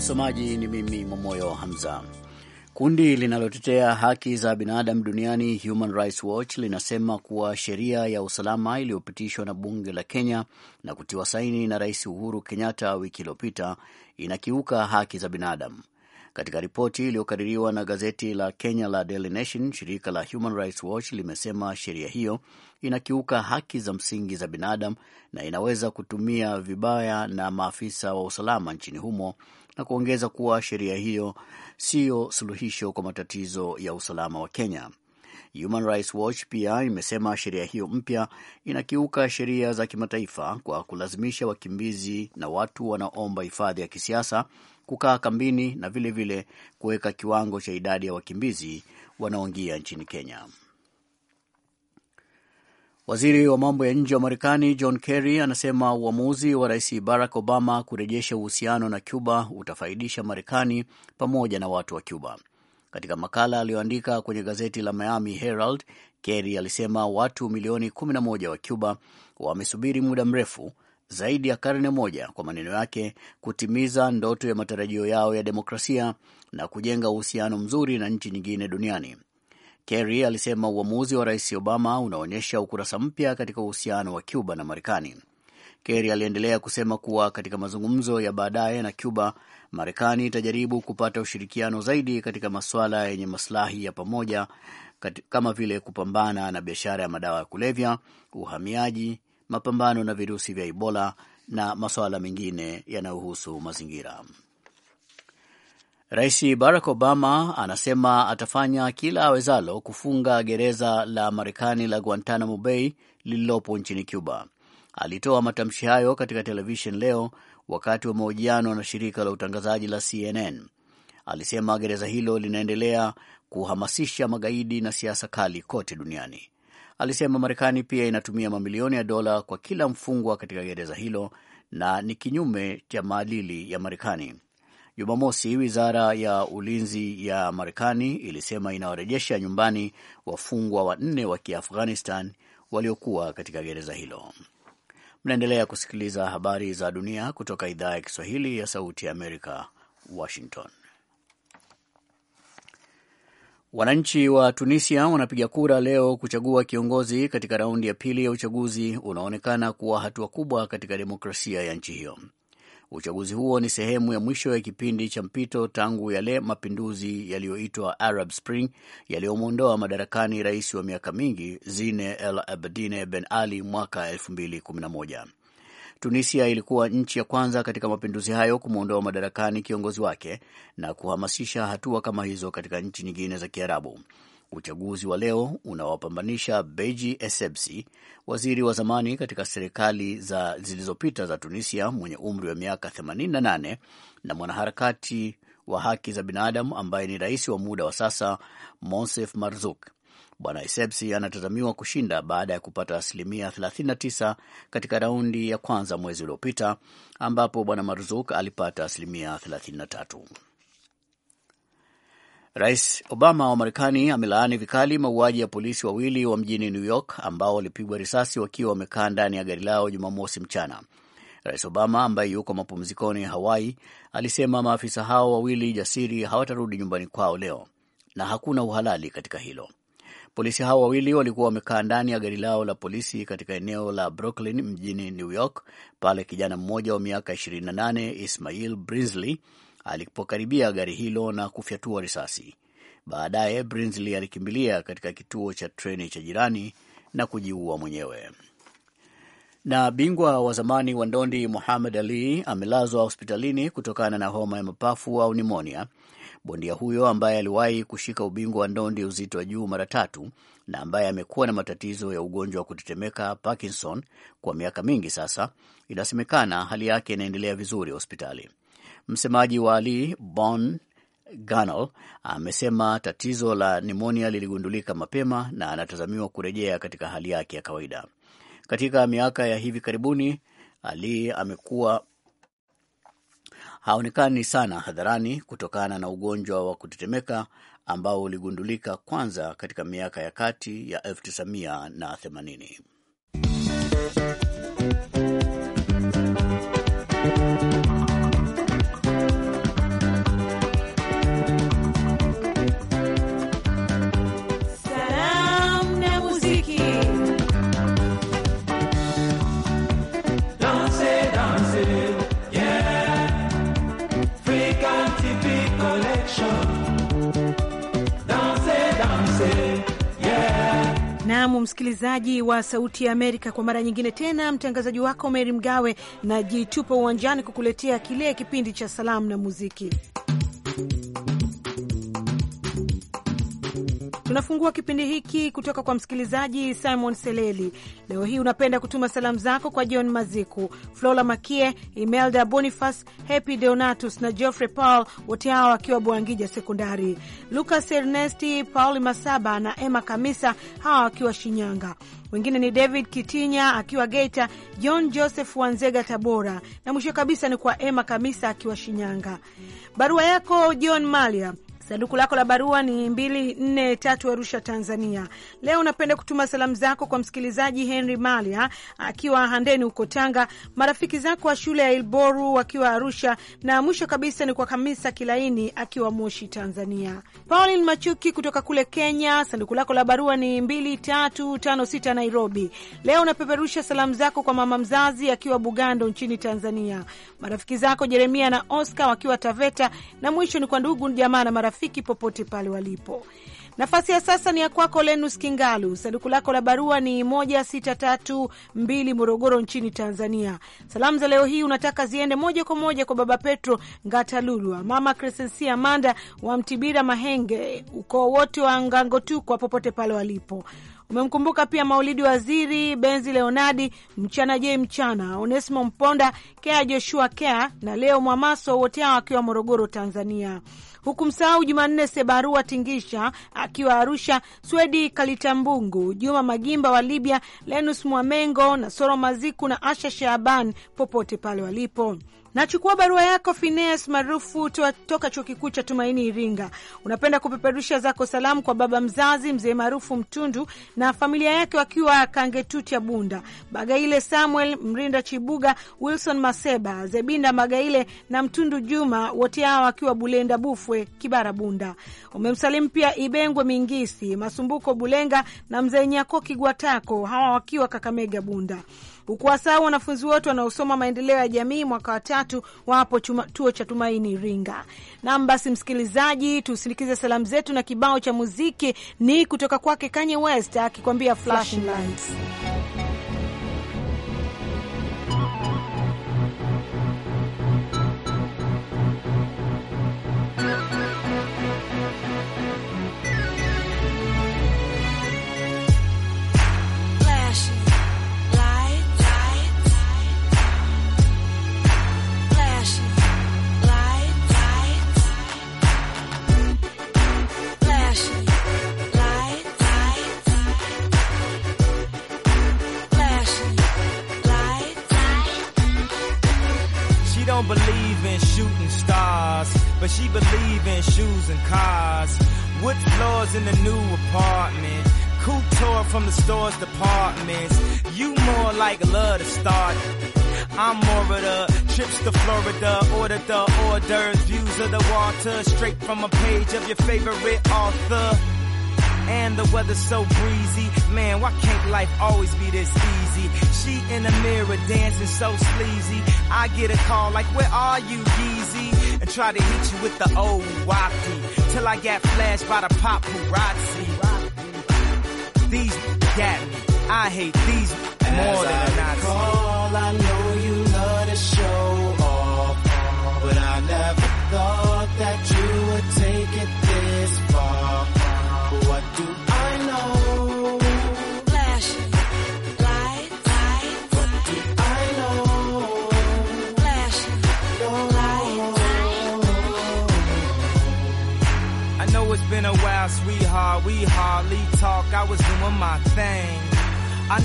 Msomaji ni mimi Momoyo Hamza. Kundi linalotetea haki za binadamu duniani Human Rights Watch linasema kuwa sheria ya usalama iliyopitishwa na bunge la Kenya na kutiwa saini na Rais Uhuru Kenyatta wiki iliyopita inakiuka haki za binadamu. Katika ripoti iliyokaririwa na gazeti la Kenya la Daily Nation, shirika la Human Rights Watch limesema sheria hiyo inakiuka haki za msingi za binadamu na inaweza kutumia vibaya na maafisa wa usalama nchini humo na kuongeza kuwa sheria hiyo siyo suluhisho kwa matatizo ya usalama wa Kenya. Human Rights Watch pia imesema sheria hiyo mpya inakiuka sheria za kimataifa kwa kulazimisha wakimbizi na watu wanaomba hifadhi ya kisiasa kukaa kambini na vilevile kuweka kiwango cha idadi ya wakimbizi wanaoingia nchini Kenya. Waziri wa mambo ya nje wa Marekani John Kerry anasema uamuzi wa Rais Barack Obama kurejesha uhusiano na Cuba utafaidisha Marekani pamoja na watu wa Cuba. Katika makala aliyoandika kwenye gazeti la Miami Herald, Kerry alisema watu milioni 11 wa Cuba wamesubiri muda mrefu zaidi ya karne moja, kwa maneno yake, kutimiza ndoto ya matarajio yao ya demokrasia na kujenga uhusiano mzuri na nchi nyingine duniani. Kerry alisema uamuzi wa rais Obama unaonyesha ukurasa mpya katika uhusiano wa Cuba na Marekani. Kerry aliendelea kusema kuwa katika mazungumzo ya baadaye na Cuba, Marekani itajaribu kupata ushirikiano zaidi katika masuala yenye masilahi ya pamoja kama vile kupambana na biashara ya madawa ya kulevya, uhamiaji, mapambano na virusi vya Ebola na masuala mengine yanayohusu mazingira. Rais Barack Obama anasema atafanya kila awezalo kufunga gereza la Marekani la Guantanamo Bay lililopo nchini Cuba. Alitoa matamshi hayo katika televishen leo wakati wa mahojiano na shirika la utangazaji la CNN. Alisema gereza hilo linaendelea kuhamasisha magaidi na siasa kali kote duniani. Alisema Marekani pia inatumia mamilioni ya dola kwa kila mfungwa katika gereza hilo na ni kinyume cha maadili ya Marekani. Jumamosi, wizara ya ulinzi ya Marekani ilisema inawarejesha nyumbani wafungwa wanne wa Kiafghanistan waliokuwa katika gereza hilo. Mnaendelea kusikiliza habari za dunia kutoka idhaa ya Kiswahili ya Sauti ya Amerika, Washington. Wananchi wa Tunisia wanapiga kura leo kuchagua kiongozi katika raundi ya pili ya uchaguzi unaoonekana kuwa hatua kubwa katika demokrasia ya nchi hiyo. Uchaguzi huo ni sehemu ya mwisho ya kipindi cha mpito tangu yale mapinduzi yaliyoitwa Arab Spring yaliyomwondoa madarakani rais wa miaka mingi Zine El Abidine Ben Ali mwaka 2011. Tunisia ilikuwa nchi ya kwanza katika mapinduzi hayo kumwondoa madarakani kiongozi wake na kuhamasisha hatua kama hizo katika nchi nyingine za Kiarabu. Uchaguzi wa leo unawapambanisha Beji Essebsi, waziri wa zamani katika serikali za zilizopita za Tunisia mwenye umri wa miaka 88 na mwanaharakati wa haki za binadamu ambaye ni rais wa muda wa sasa Monsef Marzuk. Bwana Esebsi anatazamiwa kushinda baada ya kupata asilimia 39 katika raundi ya kwanza mwezi uliopita, ambapo Bwana Marzuk alipata asilimia 33. Rais Obama wa Marekani amelaani vikali mauaji ya polisi wawili wa mjini New York ambao walipigwa risasi wakiwa wamekaa ndani ya gari lao Jumamosi mchana. Rais Obama ambaye yuko mapumzikoni Hawaii alisema maafisa hao wawili jasiri hawatarudi nyumbani kwao leo na hakuna uhalali katika hilo. Polisi hao wawili walikuwa wamekaa ndani ya gari lao la polisi katika eneo la Brooklyn mjini New York pale kijana mmoja wa miaka 28 Ismail Brinsley alipokaribia gari hilo na kufyatua risasi. Baadaye Brinsley alikimbilia katika kituo cha treni cha jirani na kujiua mwenyewe. Na bingwa wa zamani wa ndondi Muhammad Ali amelazwa hospitalini kutokana na homa ya mapafu au nimonia. Bondia huyo ambaye aliwahi kushika ubingwa wa ndondi uzito wa juu mara tatu na ambaye amekuwa na matatizo ya ugonjwa wa kutetemeka Parkinson kwa miaka mingi sasa, inasemekana hali yake inaendelea vizuri hospitali. Msemaji wa Ali Bon Ganal amesema tatizo la nimonia liligundulika mapema na anatazamiwa kurejea katika hali yake ya kawaida. Katika miaka ya hivi karibuni, Ali amekuwa haonekani sana hadharani kutokana na ugonjwa wa kutetemeka ambao uligundulika kwanza katika miaka ya kati ya 1980. Naam, msikilizaji wa Sauti ya Amerika, kwa mara nyingine tena mtangazaji wako Meri Mgawe na Jitupa uwanjani kukuletea kile kipindi cha salamu na muziki. Tunafungua kipindi hiki kutoka kwa msikilizaji Simon Seleli. Leo hii unapenda kutuma salamu zako kwa John Maziku, Flora Makie, Imelda Bonifas, Happy Deonatus na Geoffrey Paul, wote hawa wakiwa Bwangija Sekondari, Lucas Ernesti, paul Masaba na Emma Kamisa, hawa wakiwa Shinyanga. Wengine ni David Kitinya akiwa Geita, John Joseph Wanzega Tabora, na mwisho kabisa ni kwa Emma Kamisa akiwa Shinyanga. Barua yako John Malia Sanduku lako la barua ni 243 Arusha, Tanzania. Leo unapenda kutuma salamu zako kwa msikilizaji Henry Malia akiwa Handeni huko Tanga, marafiki zako wa shule ya Ilboru wakiwa Arusha, na mwisho kabisa ni kwa Kamisa Kilaini akiwa Moshi, Tanzania. Paulin Machuki kutoka kule Kenya, sanduku lako la barua ni 2356 Nairobi. Leo unapeperusha salamu zako kwa mama mzazi akiwa Bugando nchini Tanzania, marafiki zako Jeremia na Oscar wakiwa Taveta, na mwisho ni kwa ndugu jamaa na marafiki marafiki popote pale walipo. Nafasi ya sasa ni ya kwako Lenus Kingalu. Sanduku lako la barua ni 1632 Morogoro nchini Tanzania. Salamu za leo hii unataka ziende moja kwa moja kwa Baba Petro Ngatalulwa, Mama Crescencia manda wa Mtibira Mahenge, ukoo wote wa Ngangotukwa popote pale walipo. Umemkumbuka pia Maulidi Waziri, Benzi Leonadi, Mchana J Mchana, Onesimo Mponda, Kea Joshua Kea na Leo Mwamaso, wote hao wakiwa Morogoro, Tanzania huku msahau Jumanne Sebarua Tingisha akiwa Arusha, Swedi Kalitambungu, Juma Magimba wa Libya, Lenus Mwamengo na Soro Maziku na Asha Shaaban popote pale walipo. Nachukua barua yako Fines maarufu toka chuo kikuu cha Tumaini Iringa. Unapenda kupeperusha zako salamu kwa baba mzazi mzee maarufu Mtundu na familia yake wakiwa Kangetuti Bunda, Bagaile Samuel Mrinda Chibuga, Wilson Maseba, Zebinda Magaile na Mtundu Juma, wote hao wakiwa Bulenda Bufwe, Kibara Bunda. Umemsalimu pia Ibengwe Mingisi, Masumbuko Bulenga na mzee Nyakoki Gwatako, hawa wakiwa Kakamega Bunda hukuwasahau wanafunzi wote wanaosoma maendeleo ya jamii mwaka watatu wapo chuo cha Tumaini Iringa. Nam basi, msikilizaji, tusindikize salamu zetu na kibao cha muziki ni kutoka kwake Kanye West akikwambia Flashing Lights. don't believe in shooting stars, but she believe in shoes and cars. Wood floors in the new apartment. Couture from the store's departments. You more like love to start. I'm more of the trips to Florida, order the orders, views of the water, straight from a page of your favorite author and the weather's so breezy. Man, why can't life always be this easy? She in the mirror dancing so sleazy. I get a call like, where are you, Yeezy? And try to hit you with the old wacky till I get flashed by the paparazzi. These got me. I hate these more As than I, I call, I know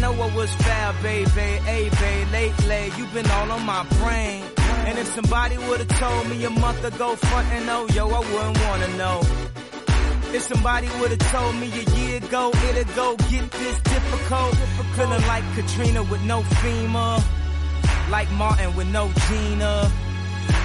know what was fair, baby. Hey, babe, lately you've been all on my brain. And if somebody would've told me a month ago, front and oh, yo, I wouldn't wanna know. If somebody would've told me a year ago, it'd go get this difficult. Feeling like Katrina with no FEMA, like Martin with no Gina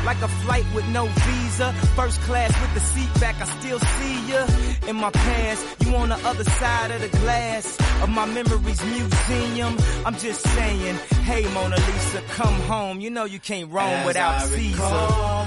like a flight with no visa. First class with the seat back, I still see ya in my past. You on the other side of the glass of my memories museum. I'm just saying, hey Mona Lisa, come home. You know you can't roam As without I Caesar. Recall,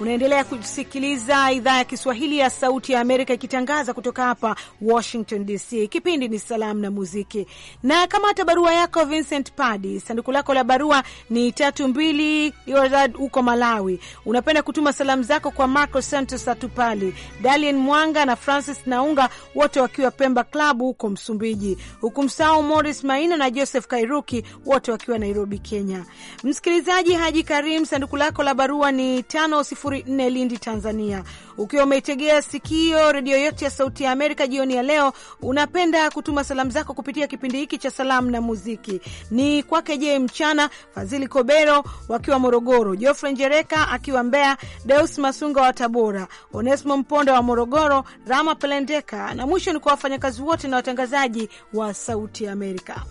Unaendelea kusikiliza idhaa ya Kiswahili ya Sauti ya Amerika ikitangaza kutoka hapa Washington DC. Kipindi ni Salamu na Muziki, na kamata barua yako Vincent Padi. Sanduku lako la barua ni tatu mbili huko Malawi. Unapenda kutuma salamu zako kwa Marco Santos Atupali, Dalien Mwanga na Francis Naunga, wote wakiwa Pemba Klabu huko Msumbiji, huku msao Moris Maina na Joseph Kairuki, wote wakiwa Nairobi, Kenya. Msikilizaji Haji Karim, sanduku lako la barua ni tano sifu 104 Lindi, Tanzania. Ukiwa umeitegea sikio redio yote ya Sauti ya Amerika jioni ya leo, unapenda kutuma salamu zako kupitia kipindi hiki cha salamu na muziki, ni kwake Je Mchana, Fadhili Kobero wakiwa Morogoro, Jofre Njereka akiwa Mbeya, Deus Masunga wa Tabora, Onesmo Mponda wa Morogoro, Rama Pelendeka na mwisho ni kwa wafanyakazi wote na watangazaji wa Sauti ya Amerika.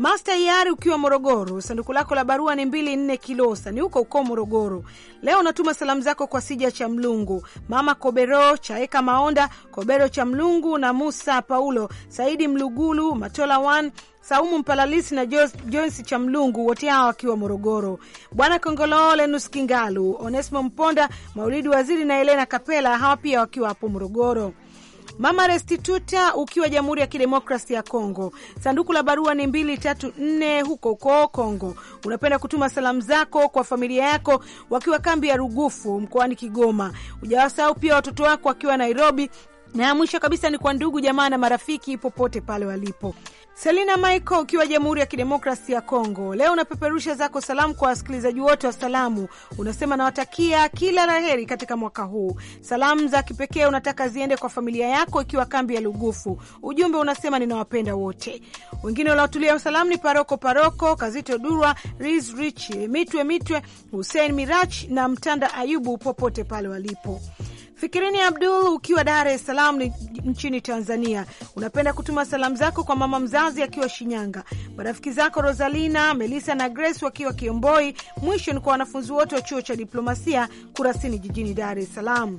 Master Yari, ukiwa Morogoro, sanduku lako la barua ni mbili nne Kilosa, ni huko uko Morogoro. Leo unatuma salamu zako kwa Sija cha Mlungu, Mama Kobero Chaeka, Maonda Kobero cha Mlungu na Musa Paulo Saidi Mlugulu, Matola Wan Saumu Mpalalisi na Joyce cha Mlungu, wote hawa wakiwa Morogoro. Bwana Kongolo, Lenus Kingalu, Onesimo Mponda, Maulidi Waziri na Elena Kapela, hawa pia wakiwa hapo Morogoro. Mama Restituta ukiwa Jamhuri ya Kidemokrasi ya Kongo, sanduku la barua ni nne huko huko Kongo. Unapenda kutuma salamu zako kwa familia yako wakiwa kambi ya Rugufu mkoani Kigoma. Ujawasahau pia watoto wako wakiwa Nairobi, na mwisho kabisa ni kwa ndugu jamaa na marafiki popote pale walipo. Selina Michael ukiwa Jamhuri ya Kidemokrasi ya Kongo, leo unapeperusha zako salamu kwa wasikilizaji wote wa salamu. Unasema nawatakia kila la heri katika mwaka huu. Salamu za kipekee unataka ziende kwa familia yako ikiwa kambi ya Lugufu. Ujumbe unasema ninawapenda wote. Wengine unaotulia salamu ni Paroko Paroko, Kazito Durwa, Riz Rich, Mitwe Mitwe, Hussein Mirach na Mtanda Ayubu popote pale walipo. Fikirini Abdul ukiwa Dar es Salaam nchini Tanzania, unapenda kutuma salamu zako kwa mama mzazi akiwa Shinyanga, marafiki zako Rosalina, Melissa na Grace wakiwa Kiomboi. Mwisho ni kwa wanafunzi wote wa chuo cha diplomasia Kurasini jijini Dar es Salaam.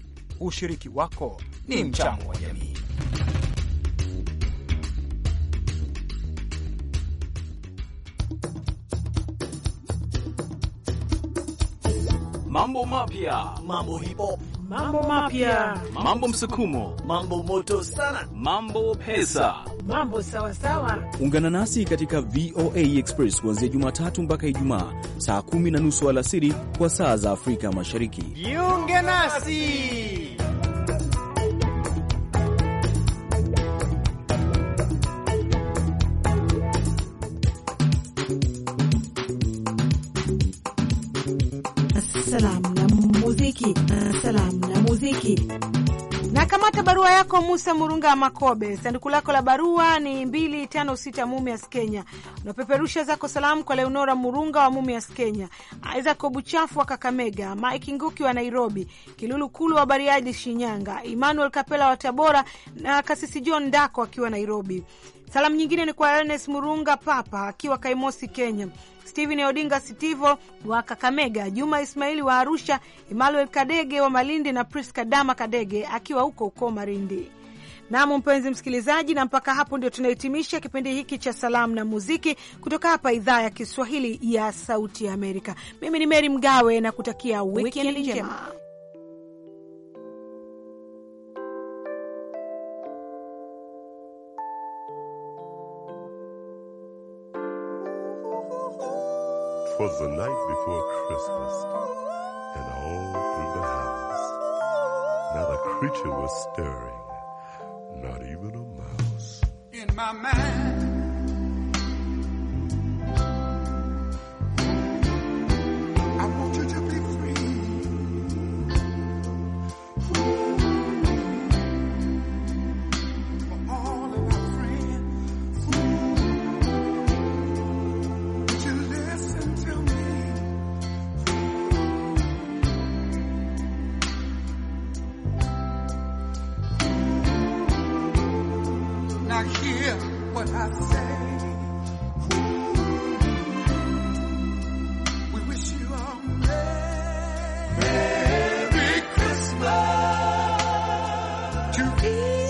Ushiriki wako ni mchango wa jamii. Mambo mapya, mambo hipo, mambo mapya, mambo msukumo, mambo moto sana, mambo pesa, mambo sawasawa. Ungana nasi katika VOA Express kuanzia Jumatatu mpaka Ijumaa saa kumi na nusu alasiri kwa saa za Afrika Mashariki. Jiunge nasi. Salamu na muziki, salamu na muziki. Na kamata barua yako Musa Murunga Makobe, sanduku lako la barua ni 256 Mumias, Kenya. Unapeperusha zako salamu kwa Leonora Murunga wa Mumias, Kenya, Isaac Obuchafu wa Kakamega, Mike Nguki wa Nairobi, Kilulu Kulu wa Bariadi, Shinyanga, Emmanuel Kapela wa Tabora na Kasisi John Ndako akiwa Nairobi. Salamu nyingine ni kwa Ernest Murunga Papa akiwa Kaimosi, Kenya. Steven Odinga Sitivo wa Kakamega, Juma Ismaili wa Arusha, Emmanuel Kadege wa Malindi na Priska Dama Kadege akiwa huko huko Malindi. Nam, mpenzi msikilizaji, na mpaka hapo ndio tunahitimisha kipindi hiki cha salamu na muziki kutoka hapa idhaa ya Kiswahili ya Sauti ya Amerika. Mimi ni Mary Mgawe na kutakia wikendi njema. 'Twas the night before Christmas, and all through the house, not a creature was stirring, not even a mouse. In my mind. to be.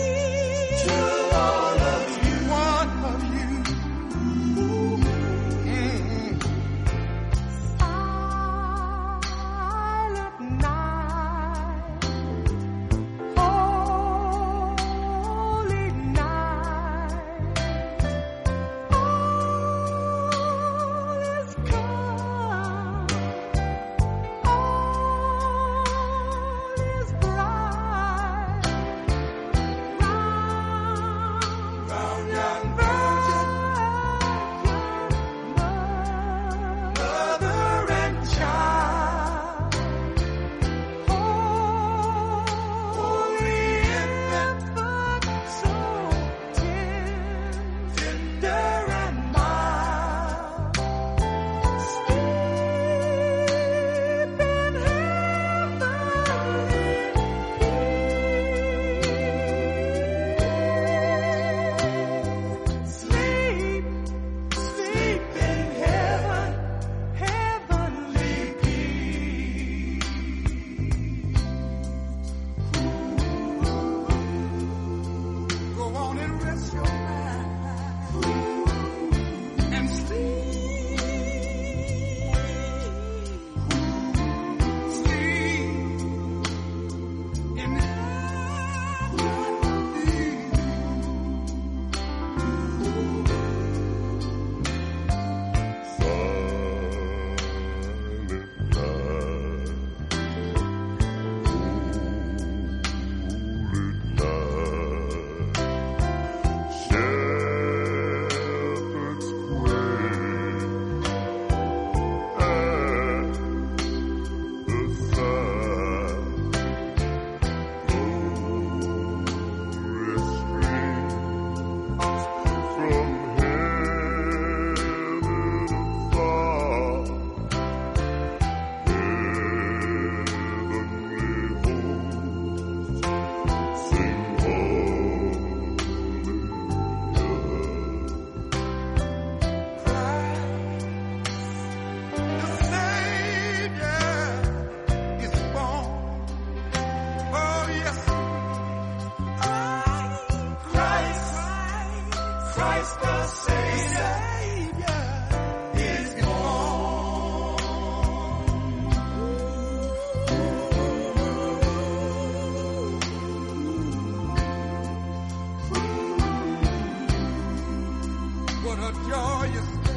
What a joyous day.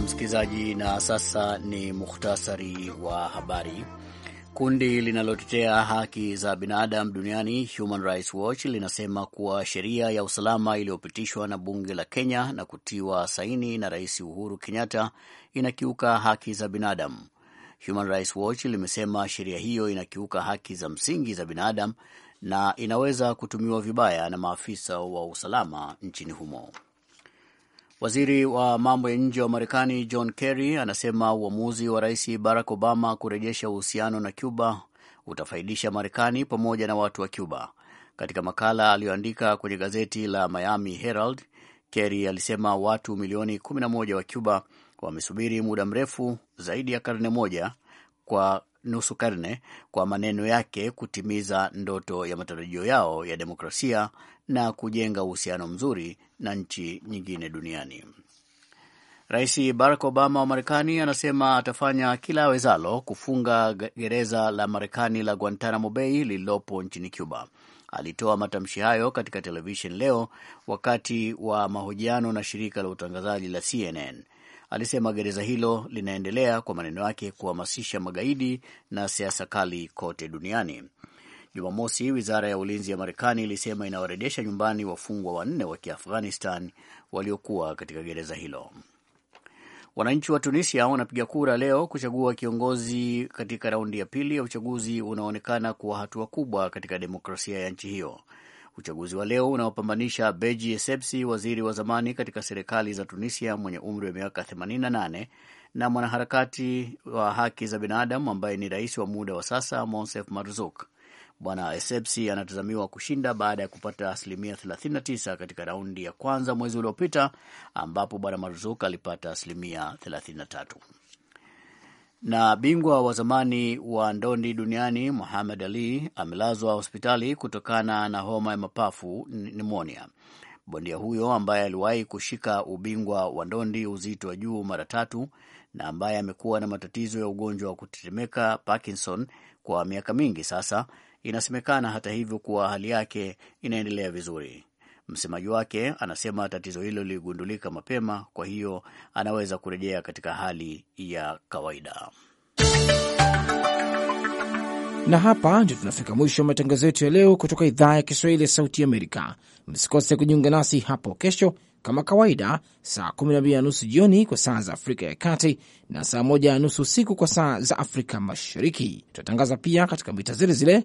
msikilizaji. Na sasa ni muhtasari wa habari. Kundi linalotetea haki za binadamu duniani Human Rights Watch linasema kuwa sheria ya usalama iliyopitishwa na bunge la Kenya na kutiwa saini na Rais Uhuru Kenyatta inakiuka haki za binadamu. Human Rights Watch limesema sheria hiyo inakiuka haki za msingi za binadamu na inaweza kutumiwa vibaya na maafisa wa usalama nchini humo. Waziri wa mambo ya nje wa Marekani John Kerry anasema uamuzi wa Rais Barack Obama kurejesha uhusiano na Cuba utafaidisha Marekani pamoja na watu wa Cuba. Katika makala aliyoandika kwenye gazeti la Miami Herald, Kerry alisema watu milioni 11 wa Cuba wamesubiri muda mrefu zaidi ya karne moja kwa nusu karne, kwa maneno yake, kutimiza ndoto ya matarajio yao ya demokrasia, na kujenga uhusiano mzuri na nchi nyingine duniani. Rais Barack Obama wa Marekani anasema atafanya kila awezalo kufunga gereza la Marekani la Guantanamo Bay lililopo nchini Cuba. Alitoa matamshi hayo katika televisheni leo wakati wa mahojiano na shirika la utangazaji la CNN. Alisema gereza hilo linaendelea, kwa maneno yake, kuhamasisha magaidi na siasa kali kote duniani. Jumamosi, wizara ya ulinzi ya Marekani ilisema inawarejesha nyumbani wafungwa wanne wa Kiafghanistan waliokuwa katika gereza hilo. Wananchi wa Tunisia wanapiga kura leo kuchagua kiongozi katika raundi ya pili ya uchaguzi unaoonekana kuwa hatua kubwa katika demokrasia ya nchi hiyo. Uchaguzi wa leo unaopambanisha Beji Esepsi, waziri wa zamani katika serikali za Tunisia mwenye umri wa miaka 88 na mwanaharakati wa haki za binadamu ambaye ni rais wa muda wa sasa Monsef Marzuk. Bwana Esepsi anatazamiwa kushinda baada ya kupata asilimia 39 katika raundi ya kwanza mwezi uliopita ambapo Bwana Marzuk alipata asilimia 33. Na bingwa wa zamani wa ndondi duniani Muhammad Ali amelazwa hospitali kutokana na homa ya mapafu nimonia. Bondia huyo ambaye aliwahi kushika ubingwa wa ndondi uzito wa juu mara tatu na ambaye amekuwa na matatizo ya ugonjwa wa kutetemeka Parkinson kwa miaka mingi sasa Inasemekana hata hivyo kuwa hali yake inaendelea vizuri. Msemaji wake anasema tatizo hilo liligundulika mapema, kwa hiyo anaweza kurejea katika hali ya kawaida. Na hapa ndio tunafika mwisho wa matangazo yetu ya leo kutoka idhaa ya Kiswahili ya Sauti Amerika. Msikose kujiunga nasi hapo kesho kama kawaida, saa 12 na nusu jioni kwa saa za Afrika ya Kati na saa 1 na nusu usiku kwa saa za Afrika Mashariki. tunatangaza pia katika mita zile zile